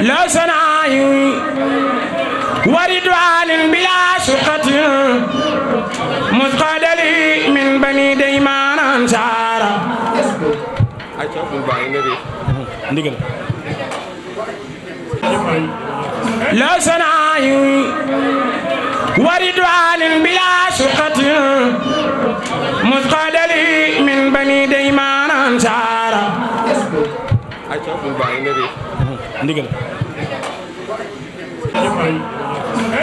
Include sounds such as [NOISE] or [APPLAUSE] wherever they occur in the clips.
لا سناي وردوان بلا سقط مثقل لي من بني ديمان انصارا لا سناي وردوان بلا سقط مثقل لي من بني ديمان انصارا acca bul bàyyi na réer ndigal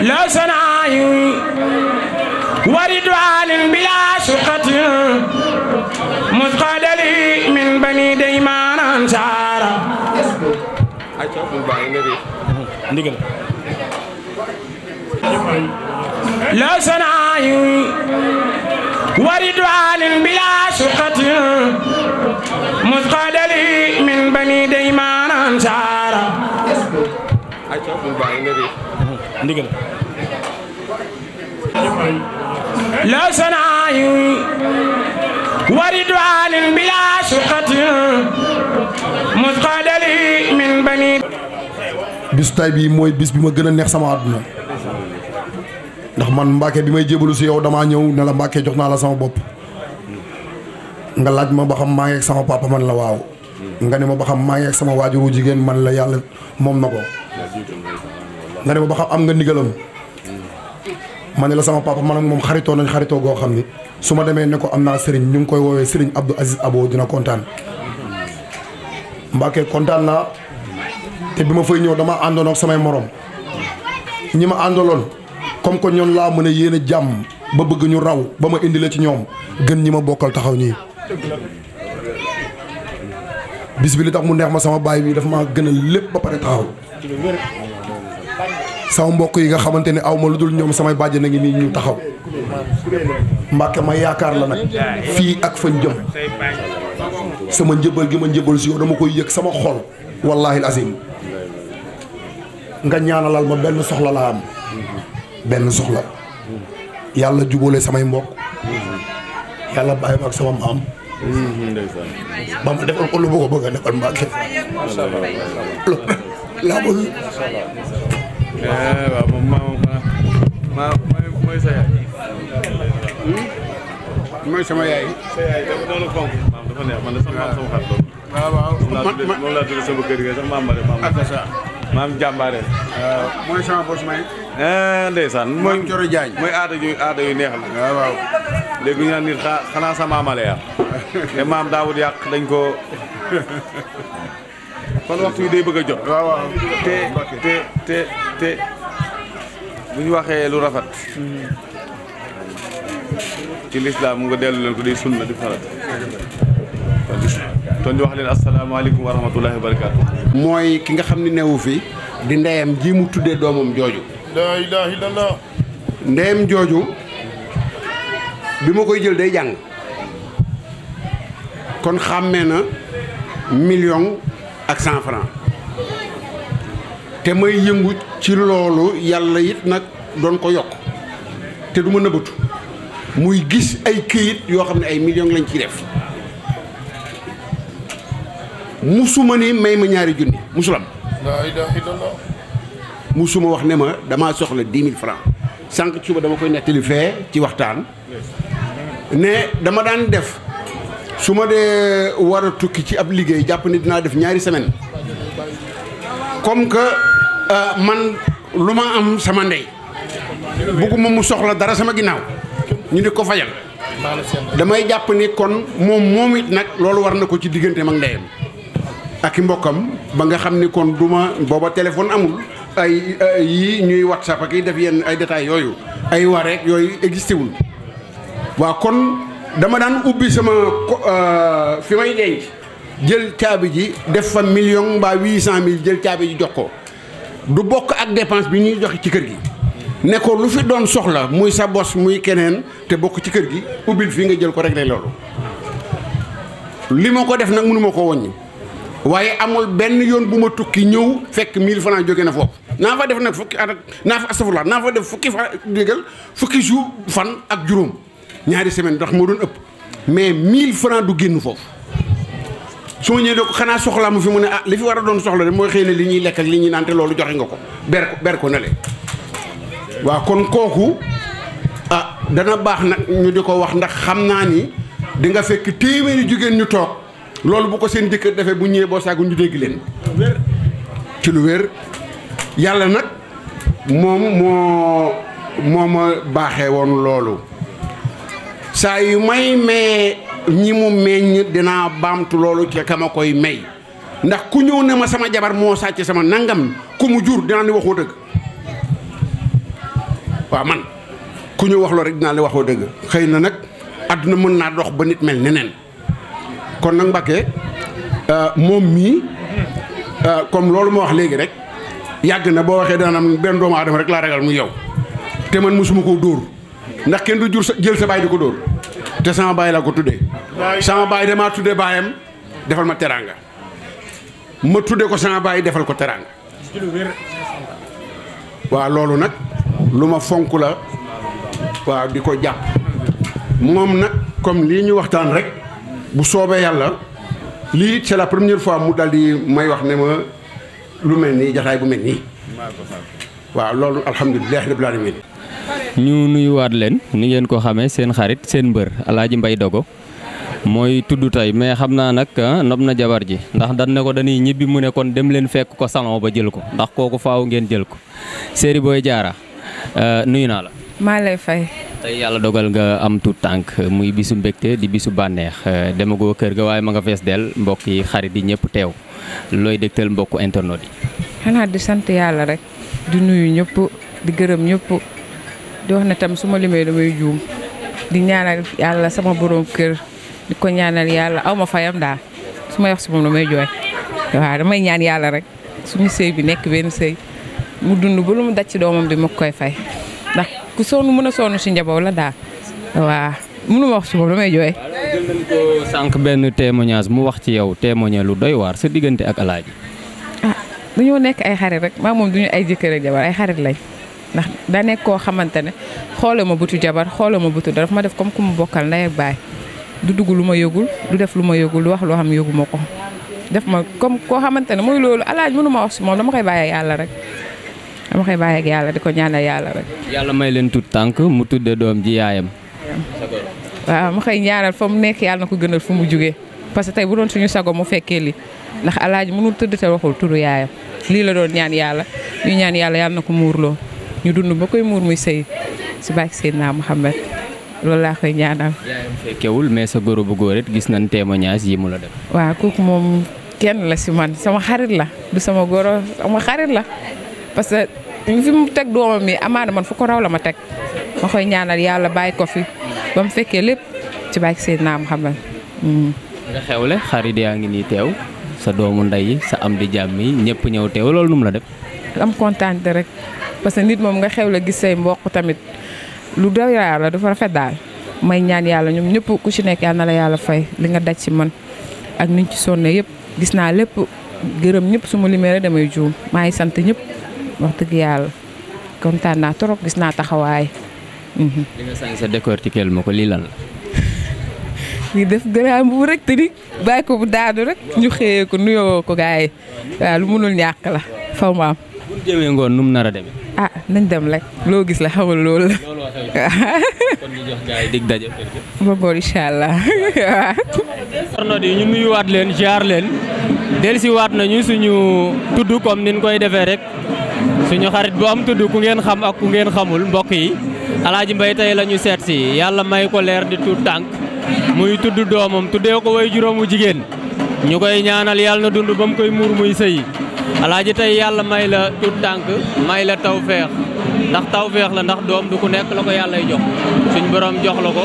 la sanaayu wa ridwaanin bilaa suqatin musqadali min bani daymaan ansaara acca bul bàyyi na réer ndigal la sanaayu wa ridwaanin bilaa suqatin musqadali ni day maanaan saara ndigal la sanaayu wa ridwaanin bilaa suqatin min bani bis tay bi mooy bis bi ma gën a neex sama àdduna ndax man Mbacke bi may jébalu si yow damaa ñëw ne la Mbacke jox naa la sama bopp nga laaj ma ba xam maa ngi ak sama papa man la waaw nga ne ma ba xam maa ngi ak sama waajuru jigéen man la yàlla moom na ko nga ne ma ba xam am nga ndigalam ma ne la sama papa ma ak moom xaritoo nañ xaritoo goo xam ni su ma demee ne ko am naa sëriñ ñu ngi koy woowee sëriñ Abdou Aziz aboo dina kontaan Mbacke kontaan naa te bi ma fay ñëw dama àndoon samay moroom ñi ma àndaloon comme que ñoom laa mën a yéene jàmm ba bëgg ñu raw ba ma indi la ci ñoom gën ñi ma bokkal taxaw ñii bis bi li tax mu neex ma sama baay bi daf maa gën a lépp ba pare taxaw sama mbokk yi nga xamante ne aw ma lu dul ñoom samay bàjj na ngi nii ñu taxaw Mbàkke ma yaakaar la nag fii ak fa jëm sama njëbal gi ma njëbal si yow dama koy yëg sama xol wallaahi azim nga ñaanalal ma benn soxla laa am benn soxla yàlla jubóole samay mbokk yàlla bàyyi ma ak sama maam ba ma defal ko lu bëgg a a defal Mbacke. laa bëgg. Eh, waaw moom maa ma mooy sa yaay. Hmm? mooy sama yaay. sa yaay dafa doon fonk. maam dafa neex man de sama maam sama xarit loolu. Ah, waaw waaw man moom laa tudd sama kër gi sax maam ma de maam. maam jàmbaare. Euh, mooy sama bos may. Eh, ndeysaan mooy Coro Diagne mooy aada yu aada yu neex la. Ah, waaw waaw léegi ñu naan nit xanaa sa maamale ya [LAUGHS] te maam Daawud yàq dañ ko kon waxtu wi day bëgg a jot. te te te te bu ñu waxee lu rafet. Mm-hmm. ci lislaam mu nga dellu leen ko di sunna di farat. ton di wax leen asalaamaaleykum wa rahmatullahi wa barakaatu. mooy ki nga xam ni newu fi di ndeyam jii mu tuddee doomam jooju. laa ilaaha illallah. ndeyam jooju bi ma koy jël day jàng kon xàmmee na million ak cent franc te may yëngu ci loolu yàlla it nag doon ko yokk te du ma nëbbatu muy gis ay këyit yoo xam ne ay million lañ ciy def. musuma ni may ma ñaari junni musulam laa musuma wax ne ma damaa soxla dix mille francs sànq suba dama koy nettali fee ci waxtaan ne dama daan def su ma dee war a tukki ci ab liggéey jàpp ni dinaa def ñaari semaine comme que euh, man lu ma am sama ndey bugguma mu soxla dara sama ginnaaw ñu di ko fayal damay jàpp ni kon moom moom it nag loolu war na ko ci diggante mag ndeyam ak i mbokkam ba nga xam ni kon du ma booba téléphone amul ay yii ñuy whatsapp ak yi def yenn ay détails yooyu ay wareek yooyu existé wul waaw kon dama daan ubbi sama euh, fi may denc jël caabi ji def fa million mbaa huit cent mille jël caabi ji jox ko du bokk ak depanse bi ñuy joxe ci kër gi ne ko lu fi doon soxla muy sa bos muy keneen te bokk ci kër gi ubbil fii nga jël ko réglé loolu li ma ko def nag mënuma ko wàññi waaye amul benn yoon bu ma tukki ñëw fekk 1000 francs jóge na foofu naa fa def nag fukki at ak naa fa def fukki fa dégal fukki jour fan ak juróom ñaari semaine ndax moo doon ëpp mais 1000 francs du génn foofu su ma ñëwee ko xanaa soxlaa mu fi mu ne ah li fi war a doon soxla de mooy xëy na li ñuy lekk li ñuy naan loolu joxe nga ko ber ko ber na le waaw kon kooku ah dana baax nag ñu di ko wax ndax xam naa ni di nga fekk téeméeri jigéen ñu toog loolu bu ko seen jëkkër defee bu ñëwee boo saagu ñu dégg leen ci lu wér yàlla nag moom moo moo ma baaxee woon loolu saa yu may mee ñi mu meññ dinaa baamtu loolu ca ka ma koy may ndax ku ñëw ne ma sama jabar moo sàcc sama nangam ku mu jur dinaa ni waxoo dëgg waaw man ku ñëw wax loolu rek dinaa li waxoo dëgg xëy na nag àdduna mën naa dox ba nit mel neneen kon nag Mbacke euh, moom mii euh, comme loolu ma wax léegi rek yàgg na boo waxee daanam benn doomu aadama rek laa ragal mu yow te man mosuma koo dóor ndax kenn du jur sa jël sa baay di ko dóor te sama baay laa ko tuddee sama baay damaa tuddee baayam defal ma teraanga ma tuddee ko sama baay defal ko teraanga waaw loolu nag lu ma fonk la waaw di ko jàpp moom nag comme lii ñu waxtaan rek bu soobee yàlla lii c'est la première fois mu daal di may wax ne ma lu mel nii jataay bu mel nii waaw loolu alhamdulilah rabbil alamin ñu nuyuwaat leen ni ngeen ko xamee seen xarit seen mbër Alaaji Mbay Dogo mooy tudd tey mais xam naa nag ah, nopp na jabar ji ndax dan ne ko dañuy ñibbi mu ne kon dem leen fekk ko salon ba jël ko ndax kooku faaw ngeen jël ko Séri booy jaara euh, nuyu naa la. maa lay fay. yàlla dogal nga am tuut tànk muy bisu mbégte di bisu bànneex koo eh, kër ga waaye ma nga fees del mbokk yi xarit yi ñëpp teew looy dégtal mbokku internet yi. xanaa di sant yàlla rek di nuyu ñëpp di gërëm ñëpp di wax ne tam su ma limee damay juum di ñaanal yàlla sama borom kër di ko ñaanal yàlla aw ma fayam daal su may wax si moom damay jooy waaw damay ñaan yàlla rek suñu sëy bi nekk benn sëy mu dund ba lu mu daj ci doomam bi ma koy fay. ku sonn mën a sonn si njaboot la daal waa mënu wax si moom damay jooy. jël nañ ko sànq benn mu wax ci yow témoigné lu doy waar sa diggante ak alaaji. ah nekk ay xarit rek maa moom duñu ay jëkkër ak ay xarit lañ ndax daa nekk koo xamante ne xooloo ma butu jabar xooloo ma butu dara ma def comme ku mu bokkal ndey ak baay du dugg lu ma yëgul du def lu ma yëgul du wax loo xam yëgu ma ko def ma comme koo xamante ne mooy loolu alaaj mënu ma wax si moom dama koy bàyyi yàlla rek. dama koy bàyyi ak yàlla di ko ñaanal yàlla rek. yàlla may leen tuut tànk mu tudd doom ji yaayam. waaw ma koy ñaanal fa mu nekk yàlla na ko gënal fu mu jógee parce que tey bu doon suñu sago mu fekkee li ndax alaaji mënul tëdd te waxul turu yaayam lii la doon ñaan yàlla ñu ñaan yàlla yàlla na ko muurloo ñu dund ba koy muur muy sëy si bàyyi Seydina Mouhamed loolu laa koy ñaanal. yaayam fekkewul mais sa góor bu góor gis nañ témoignage yi mu la def. waaw kooku moom kenn la sama xarit la la parce que fi mu teg doomam mi amaana fu ko raw la ma teg koy ñaanal yàlla bàyyi ko fi ba fekkee lépp ci bàyyi seen naam xamal. nga xew xarit yaa ngi nii teew sa doomu ndey sa am di jàmm yi ñëpp ñëw teew loolu nu mu la def. am kontaan rek parce que nit moom nga xewle gis say mboq tamit lu doy la dafa rafet daal may ñaan yàlla ñoom ñëpp ku ci nekk yàlla na la yàlla fay li nga daj ci man ak niñ ci sonne yëpp gis naa lépp gërëm ñëpp su ma limee damay juum maa ngi sant ñëpp. wax dëgg yàlla kontaan naa trop gis naa taxawaay. Mhm. li nga sañ sa décortiquer [LAUGHS] def garaam bu rek te bàyyi ko bu daanu rek ñu xëyee ko nuyoo ko gars yi lu mënul ñàkk la faw ma am. nu mu nar a demee. ah nañ dem rek loo gis la xamal loolu la. [LAUGHS] kon ñu jox gars yi dig daje. ba boor incha allah waaw. yi leen ziar leen dellusiwaat nañu suñu tudd comme ni koy defee rek. suñu xarit bu am tudd ku ngeen xam ak ku ngeen xamul mbokk yi alaaji mbay tey la ñu seet si yàlla may ko leer di tuut tànk muy tudd doomam tuddee ko way wu jigéen ñu koy ñaanal yàlla na dund ba mu koy muur muy sëy alaaji tey yàlla may la tuut tànk may la taw feex ndax taw feex la ndax doom du ku nekk la ko yàllay jox suñ borom jox la ko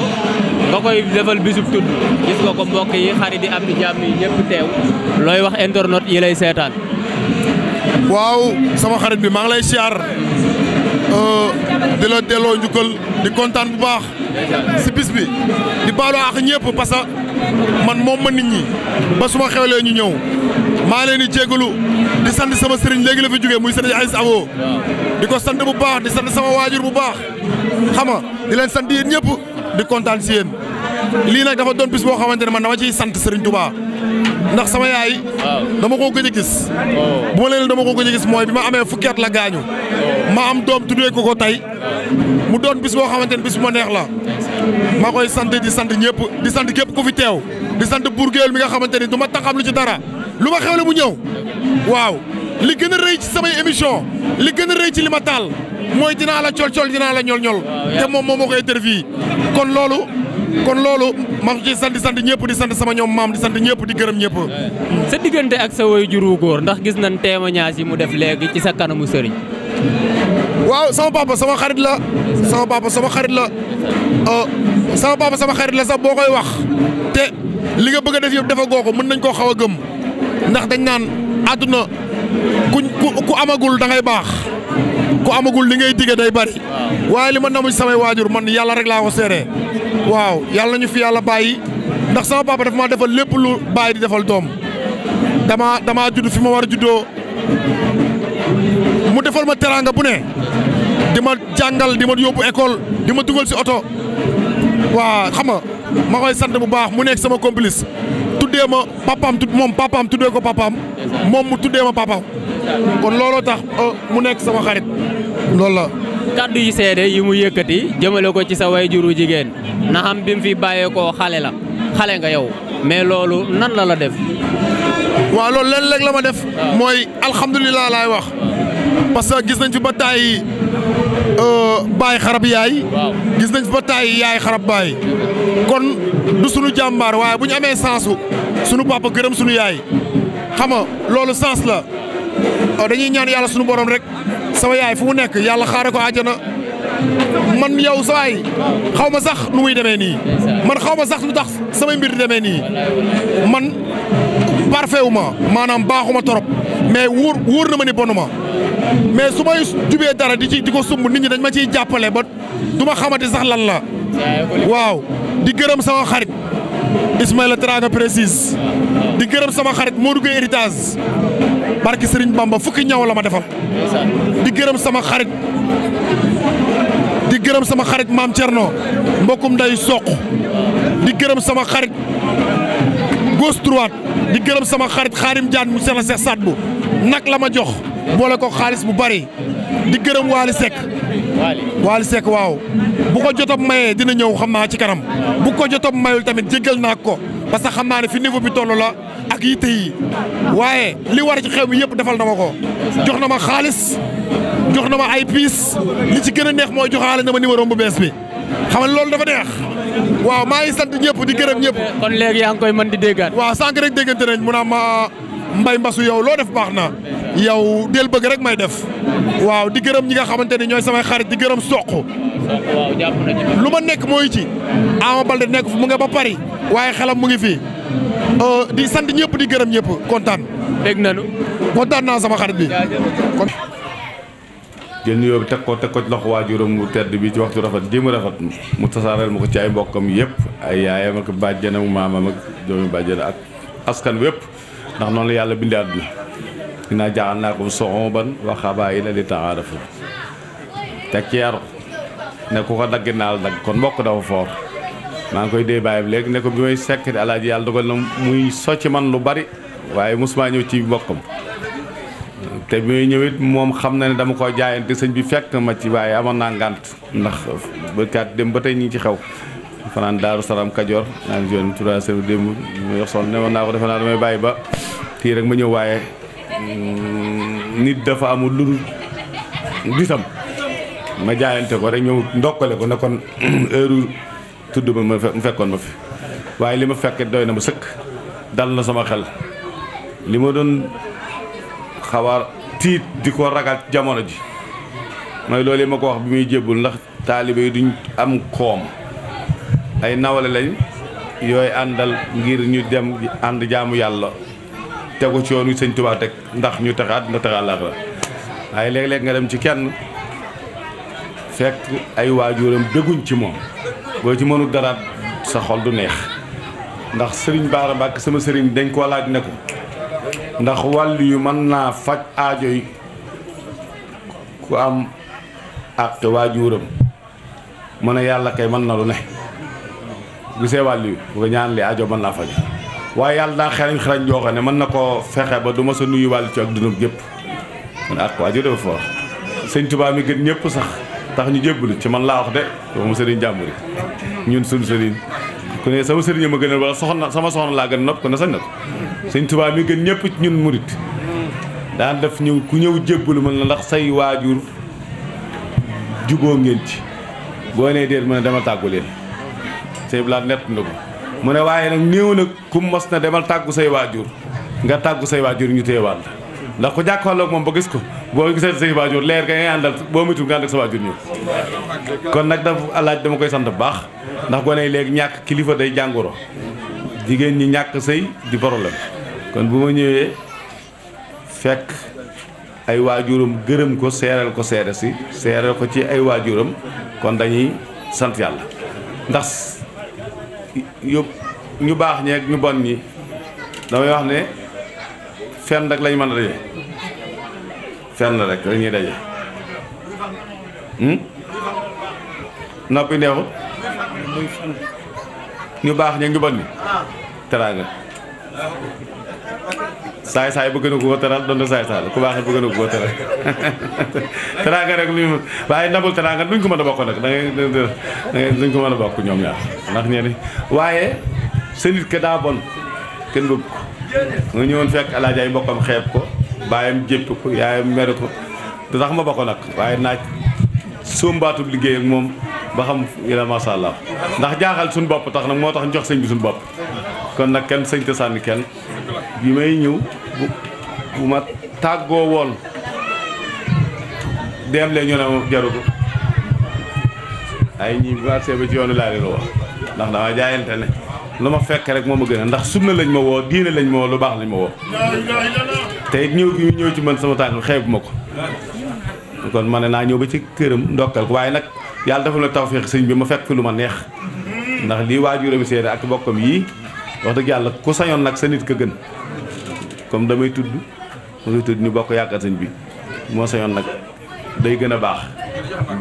nga koy defal bisub tudd gis nga ko mbokk yi xarit yi am di jàmm yi ñëpp teew looy wax internet yi lay seetaan waaw sama xarit bi maa ngi lay siyaar euh, di la delloo njukkal di kontaan bu baax si bis bi di baaloo ak ñëpp parce que man moom ma nit ñi ba suma xewlee ñu ñëw maa leen di jégalu di sant sama sëriñ léegi la fi jógee muy sëriñ Aïs Abo di ko sant bu baax di sant sama waajur bu baax xam nga di leen sant yéen ñëpp di kontaan si yéen lii nag dafa doon bis boo xamante ne man dama ciy sant sëriñ Touba ndax sama yaay dama koo gëj a gis oh. bu ma leen dama koo gëj gis mooy bi ma amee fukki at la gaañu oh. ma am doom tuddee ko ko tey mu doon bis boo xamante ne bis bu ma neex la ma koy sant di sant ñëpp di sant képp ku fi teew di sant Bour Gueweul mi nga xamante ni du ma taxam lu ci dara lu ma xewle mu ñëw waaw li gën a rëy ci samay émission li gën a rëy ci li ma taal mooy dinaa la col col dinaa la ñol ñol te moom moo ma ko interview kon loolu kon loolu ma ci sant sant ñëpp di sant sama ñoom maam di sant ñëpp di gërëm ñëpp. sa diggante ak sa waajur wu góor ndax gis nañ témoignage yi mu def léegi ci sa kanamu sëriñ. waaw sama papa sama xarit la sama papa sama xarit la euh, sama papa sama xarit la sax boo koy wax te li nga bëgg a def yëpp dafa goo ko mën nañ koo xaw a gëm ndax dañ naan àdduna ku ku amagul dangay baax. ku amagul li ngay digge day bari waaye li ma namu samay waajur man yàlla rek laa ko seeree waaw yàlla ñu fi yàlla bàyyi ndax sama papa dafa maa defal lépp lu bàyyi di defal doom dama damaa judd fi ma war a juddoo mu defal ma teraanga bu ne di ma jàngal di ma yóbbu école di ma dugal si oto waa xam nga ma koy sant bu baax mu nekk sama complice tuddee ma papaam moom papaam tuddee ko papaam moom mu tuddee ma papaam kon looloo tax oh, mu nekk sama xarit loolu la. kaddu yi seede yi mu yëkkati jëmale ko ci sa wayjuru jigéen na xam bi mu fi bàyyeekoo xale la xale nga yow mais loolu nan la la def. waaw loolu lenn léeg la ma def. Ah. mooy alhamdulilah laay wax. parce que gis nañ fi ba tàyyi euh, baay xarab yaay. gis nañ fi ba taay yaay xarab baay. kon du sunu jàmbaar waaye bu ñu amee sensu sunu papa gërëm suñu yaay xam nga loolu sens la ah, dañuy ñaan yàlla suñu borom rek. sama yaay fu mu nekk yàlla xaare ko àjjana man yow sa waay xaw ma sax lu muy demee nii man xaw ma sax lu tax samay mbir di demee nii man parfait ma maanaam baaxuma torop mais wóor wóor na ma ni bonu mais su may jubee dara di ci di ko sumb nit ñi dañ ma ciy jàppale ba du ma xamante sax lan la waaw di gërëm sama xarit Ismaïla Traoré précise di gërëm sama xarit Modou Gueye héritage barki Serigne Bamba fukki ñaw la ma defal. di gërëm sama xarit di gërëm sama xarit maam Thierno mbokkum day soq di gërëm sama xarit gauche di gërëm sama xarit Xaarim Diagne mu Seex Seex Saad bu nag la ma jox boole ko xaalis bu bari di gërëm Waly Seck. Waly Seck waaw bu ko jotam mayee dina ñëw xam naa ci kanam bu ko jotam mayul tamit jéggal naa ko parce que xam naa ne fi niveau bi toll la. ak yitte waaye li war ci xew mi yëpp defal na ma ko jox na ma xaalis jox na ma ay piis li ci gën a neex mooy joxaale na ma numéro bu bees bi xam nga loolu dafa neex waaw maa ngi sant ñëpp di gërëm ñëpp. kon léegi yaa ngi koy mën di déggaat. waaw sànq rek déggante nañ mu a ma mbay mbasu yow loo def baax na yow del bëgg rek may def waaw di gërëm ñi nga xamante ni ñooy samay xarit di gërëm soq. lu ma nekk mooy ci Ama Baldé nekk fu mu nga ba Paris waaye xelam mu ngi fii. Euh, di sant ñëpp di gërëm ñëpp kontaan. dégg nañu. kontaan naa sama xarit bi. jël nuyoo bi teg ko teg ko ci loxo waajuram bu tedd bi ci waxtu rafet ji mu rafet mu tasaareel ma ko ci ay mbokkam yëpp ay yaayam ak bàjjenam maamam ak doomi bàjjen ak askan wépp ndax noonu yàlla bindee àdduna dinaa jaaxal naa ko soxoban waxaabaa yi la di taxaarafu teg ci yaru ne ku ko dagg naal dagg kon mbokk dafa foor maa ngi koy dee ba léegi ne ko bi may sekk alaaji yàlla dogal na muy socc man lu bari waaye mosuma ñëw ci mbokkam te bi may ñëwit moom xam na ne dama ko jaayante sëñ bi fekk ma ci waaye amoon naa ngànt ndax bërkaat dem ba tey ñu ci xew fanaan daaru salaam kajoor naa ngi joon tura sëñ démb naa ko defe naa damay bàyyi ba tii rek ma ñëw waaye mm, nit dafa amul lu dul gisam ma jaayante ko rek ñëw ndokkale ko ne kon [CLEARS THROAT] heure tudd ma mu fekkoon ma fi waaye li ma fekkee doy na ma sëkk dal na sama xel li ma doon xaw tiit di ko ragal jamono ji mooy loolu yi ma ko wax bi muy jébbul ndax taalibe yi duñ am koom ay nawale lañ yooyu àndal ngir ñu dem ànd jaamu yàlla tegu ci yoon wi sëñ Tuubaa teg ndax ñu taxaat na taxaat la waaye léeg-léeg nga dem ci kenn fekk ay waajuram dëgguñ ci moom boo ci mënul dara sa xol du neex ndax sëriñ Baara Mbàkke sama sëriñ dañ koo laaj ne ko ndax wàll yu mën naa faj aajo yi ku am àq waajuram mu ne yàlla kay mën na lu ne gisee wàll yi bu ko ñaan li ajo mën naa faj waaye yàlla daa xerañ xerañ joo xam ne mën na koo fexe ba du ma sa nuyu wàll ci ak dunub gépp mu ne àq waajur dafa foor sëñ Tuubaa mi gën ñëpp sax tax ñu jébbalu ci man laa wax de moom sëriñ jàmbur yi ñun suñu sëriñ ku ne sama sëriñ ma gënal wala soxna sama soxna laa gën nopp ne sañ na ko sëñ Tuubaa mi gën ñëpp ci ñun murit daan def ñu ku ñëw jébbalu mën la ndax say waajur juboo ngeen ci boo nee déet ma ne demal tàggu leen sëñ bi laa nett na mu ne waaye nag néew nag ku mos na demal tàggu say waajur nga tàggu say waajur ñu teewaan la ndax ku jàkkaarloog moom ba gis ko boo gisee say waajur leer ga ngay àndal boo mutu nga ànd ak sa waajur ñëw kon nag daf alaaj dama koy sant bu baax ndax gone yi léegi ñàkk kilifa day jàngoro jigéen ñi ñàkk sëy di problème kon bu ma ñëwee fekk ay waajuram gërëm ko seeral ko seere si seeral ko ci ay waajuram kon dañuy sant yàlla ndax yóbbu ñu baax ñeeg ñu bon ñi damay wax ne fenn rek lañ mën a daje fenn rek la ñu daje hmm? noppi neexu ñu baax ñu njubal ni teraanga saay saay bëgg na ko ko teral doon na saay saay ku baax bëgg na ko ko teral [LAUGHS] teraanga rek luñu waaye nabul teraanga duñ ko mën a bokk nag da duñ ko mën a bokk ñoom ñaar ndax ñeeni waaye sa nit daa bon kenn bëgg mu ñëwoon fekk alaaji ay mbokkam xeeb ko baayam jépp ko yaayam meru ko da tax ma ba ko nag waaye naaj sóombaatub liggéey ak moom ba xam ila macha allah ndax jaaxal suñu bopp tax nag moo tax jox sëñ bi suñu bopp kon nag kenn sëñ sànni kenn bi may ñëw bu bu ma tàggoo woon dem leen ñu ne ma jaru ko ay ñi marché ba ci yoonu laa leen wax ndax dama jaayante ne lu ma fekk rek moo ma gën a ndax sunna lañ ma woo diine lañ ma woo lu baax lañ ma woo tey ñëw gi ñu ñëw ci man sama tànk xeebu ma ko kon ma naa ñëw ba ci këram ndokkal ko waaye nag yàlla dafa la tawféex sëñ bi ma fekk lu ma neex ndax lii waajuram seede ak bokkam yii wax dëgg yàlla ku sañoon nag sa nit ka gën comme damay tudd damay tudd ñu bokk yaakaar sëñ bi moo sañoon nag day gën a baax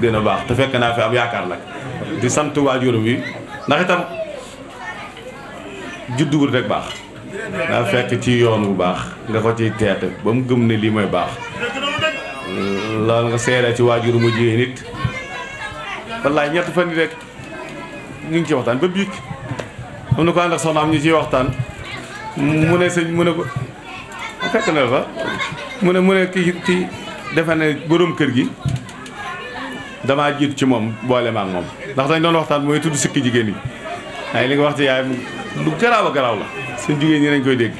gën a baax te fekk naa fi am yaakaar nag di sant waajuram yi judduwul rek baax daa fekk ci yoon bu baax nga ko ciy teete ba mu gëm ne lii mooy baax loolu nga seere ci waajur mu jigéen nit wallaay ñett fan yi rekk ñu ngi ci waxtaan ba biig am na ciy waxtaan mu ne sëñ mu ne ko fa mu ne mu ne ki ki defe ne boroom kër gi damaa jiitu ci moom boole ma moom ndax dañ doon waxtaan mooy tudd sikki jigéen yi waaye li nga wax yaay lu garaaw a garaaw la seen jigéen ñi dañ koy dégg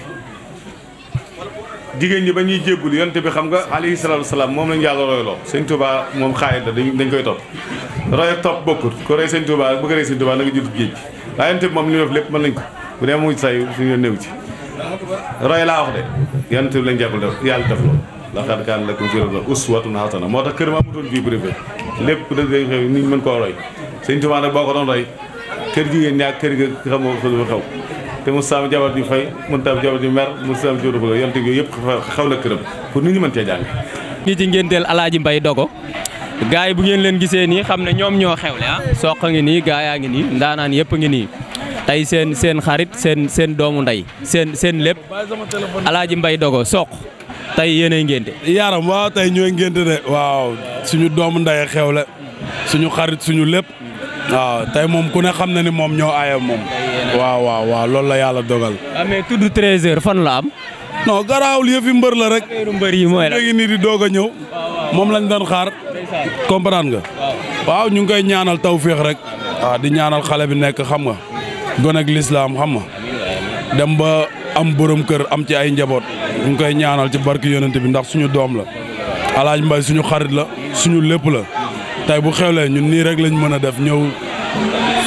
jigéen ñi ba ñuy jéggul yonte bi xam nga alayhi salaatu wasalaam moom lañu yàlla royloo sëñ Touba moom xaayit la dañ koy topp roy ak topp bokkut ko roy sëñ Touba bëgg roy sëñ lépp mën nañ ko bu dee mu say suñu yoon néew la roy laa wax de yonte bi lañ jàppul def yàlla def loolu laqad kaana lakum fii hasana moo tax kër ma amutoon vie privée lépp da dañ xew niñ mën koo roy sëñ Touba nag boo ko doon roy kër jigéen ñaa kër gi xam nga fa dafa xaw te Moustapha jabar di fay Moustapha jabar di mer Moustapha Diop dafa yonte yooyu yëpp xaw na këram pour nit ñi mën cee jàng. ñi ci ngénteel Alaaji Mbay Dogo gaay yi bu ngeen leen gisee nii xam ne ñoom ñoo xewle ah ngi nii gaa yaa ngi nii ndaanaan yëpp ngi nii tey seen seen xarit seen seen doomu nday seen seen lépp Alaaji Mbay Dogo soq tey yéenay ngénte yaaram waaw tey ñooy ngénte de waaw suñu doomu nday ndey xewle suñu xarit suñu lép waaw tey moom ku ne xam na ni moom ñoo aaye moom. waaw waaw waaw loolu la yàlla dogal. ah mais tudd fan la am. non garaawul yëfi mbër la rek. mbër yi mooy la nii di doog a ñëw. moom lañ doon xaar. comprendre nga. waaw ñu ngi koy ñaanal tawféex rek. waaw ah, di ñaanal xale bi nekk xam nga. gone ak lislaam xam nga. dem ba am borom kër am ci ay njaboot. ñu ngi koy ñaanal ci barki yonent bi ndax suñu doom la. alaaj mbay suñu xarit la. suñu lépp la. tey bu xewlee ñun nii rek lañ mën a def ñëw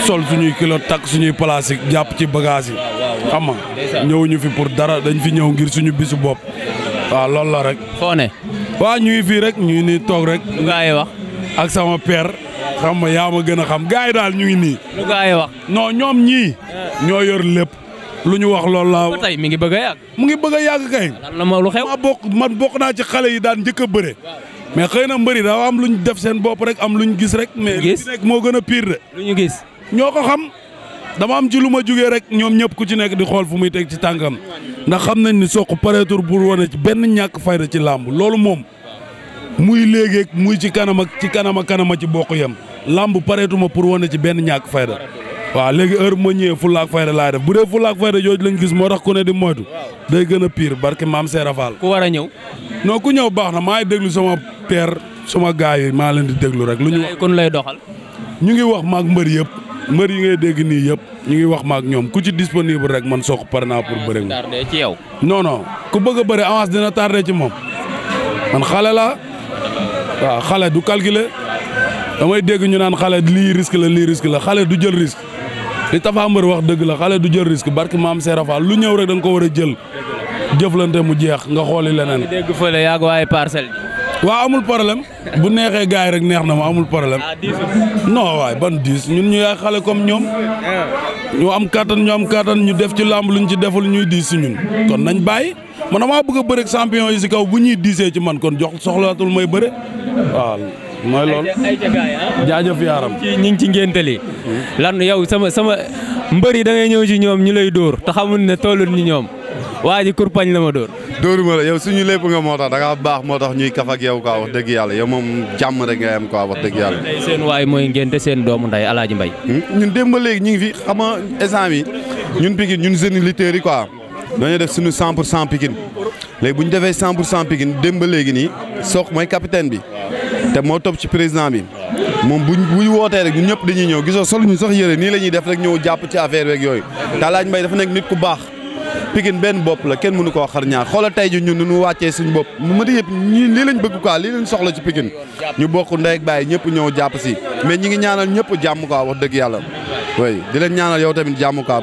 sol suñuy kilo takk suñuy plastique jàpp ci bagage yi xam nga ñëwuñu fi pour dara dañ fi ñëw ngir suñu bisu bopp waa loolu la rek. foo ne. waa ñuy fii rek ñu ngi nii toog rek. lu gaa wax. ak sama père. xam nga yaa ma gën a xam gars yi daal ñu nii. lu gaa ñoom ñii. ñoo yor lépp. lu ñu wax loolu la ba tey mi ngi bëgg a yàgg. mu ngi bëgg a yàgg kay. lan man bokk naa ci xale yi daan njëkk a bëre. mais xëy na mbëri daa am luñ def seen bopp rek am lu ñu gis rek. mais li moo gën a piir de. lu ñu gis ñoo ko xam dama am ci lu ma jugee rek ñoom ñëpp ku ci nekk di xool fu muy teg ci tànkam ndax xam nañ ni Sokh pareetur pour wane ci benn ñàkk fayda ci làmb loolu moom muy léegi muy ci kanam ak ci kanam ak kanam ci bokk yam làmb pareetuma pour wane ci benn ñàkk fayda. waaw léegi heure bu ma ñëwee fulaak fayda laay def bu dee fulaak fayda jooju lañ gis moo tax ku ne di moytu day gën a pire barke maam Seera Fall. ku war a ñëw. non ku ñëw baax na maa ngi déglu sama père sama gars yi maa leen di déglu rek. lu ñu wax kon lay doxal. ñu ngi wax maak mbër yëpp mbër yi ngay dégg nii yëpp ñu ngi wax maak ñoom ku ci disponible rek man soog pare naa pour bëri. tardé ci yow. non non ku bëgg a bëri avance dina tardé ci moom man xale la waaw xale du calculer damay dégg ñu naan xale lii risque la lii risque la xale du jël risque. li Tapha Mbeur wax dëgg la xale du jël risque barki maam Serapha lu ñëw rek da nga ko war a jël. jëflante mu jeex nga xooli leneen. dégg fële yaa ngi waaye parcelle bi. waaw amul problème bu neexee gars yi rek neex na ma amul problème. Ah, non waay ban diis ñun ñu yaay xale comme ñoom. Ah. ñu am kattan ñu am kattan ñu def ci làmb luñ ci deful ñuy diis si ñun kon nañ bàyyi man damaa bëgg a bëre ak yi si kaw bu ñuy diisee ci man kon jox soxlaatul may bëre waaw. mooy loolu ah. jaajëf yaaram ci ñi ngi ci ngénte li lan yow sama sama mbër yi da ñëw ci ñoom ñu lay dóor te xamul ne tollul ñu ñoom waa ji kurpañ la ma dóor dóoruma yow suñu lépp nga moo tax da ngaa baax moo tax ñuy kaf ak yow quoi wax dëgg yàlla yow moom jàmm rek nga am quoi wax dëgg yàlla seen waay mooy ngénte seen doomu nday alaaji mbay hmm? ñun démb ba léegi ñu ngi fi xam nga instant bi ñun Pikine ñun jeunes lutteurs yi quoi ñu def suñu 100 pour cent Pikine léegi bu ñu defee 100 pour cent Pikine démb ba léegi nii sook mooy capitaine bi te moo topp ci président bi moom buñ buñ wootee rek ñun ñëpp dañuy ñëw gisoo sol ñu sax yére nii la ñuy def rek ñëw jàpp ci affaire beeg yooyu Talaaj Mbay dafa nekk nit ku baax Pikine benn bopp la kenn mënu koo xar ñaar xoolal tey ji ñun nu ñu wàccee suñu bopp mu mënti yëpp ñii lii lañ bëgg lii lañ soxla ci Pikine ñu bokk ndey ak baay ñëpp ñëw jàpp si mais ñi ngi ñaanal ñëpp jàmm quoi wax dëgg yàlla oui di leen ñaanal yow tamit jàmm quoi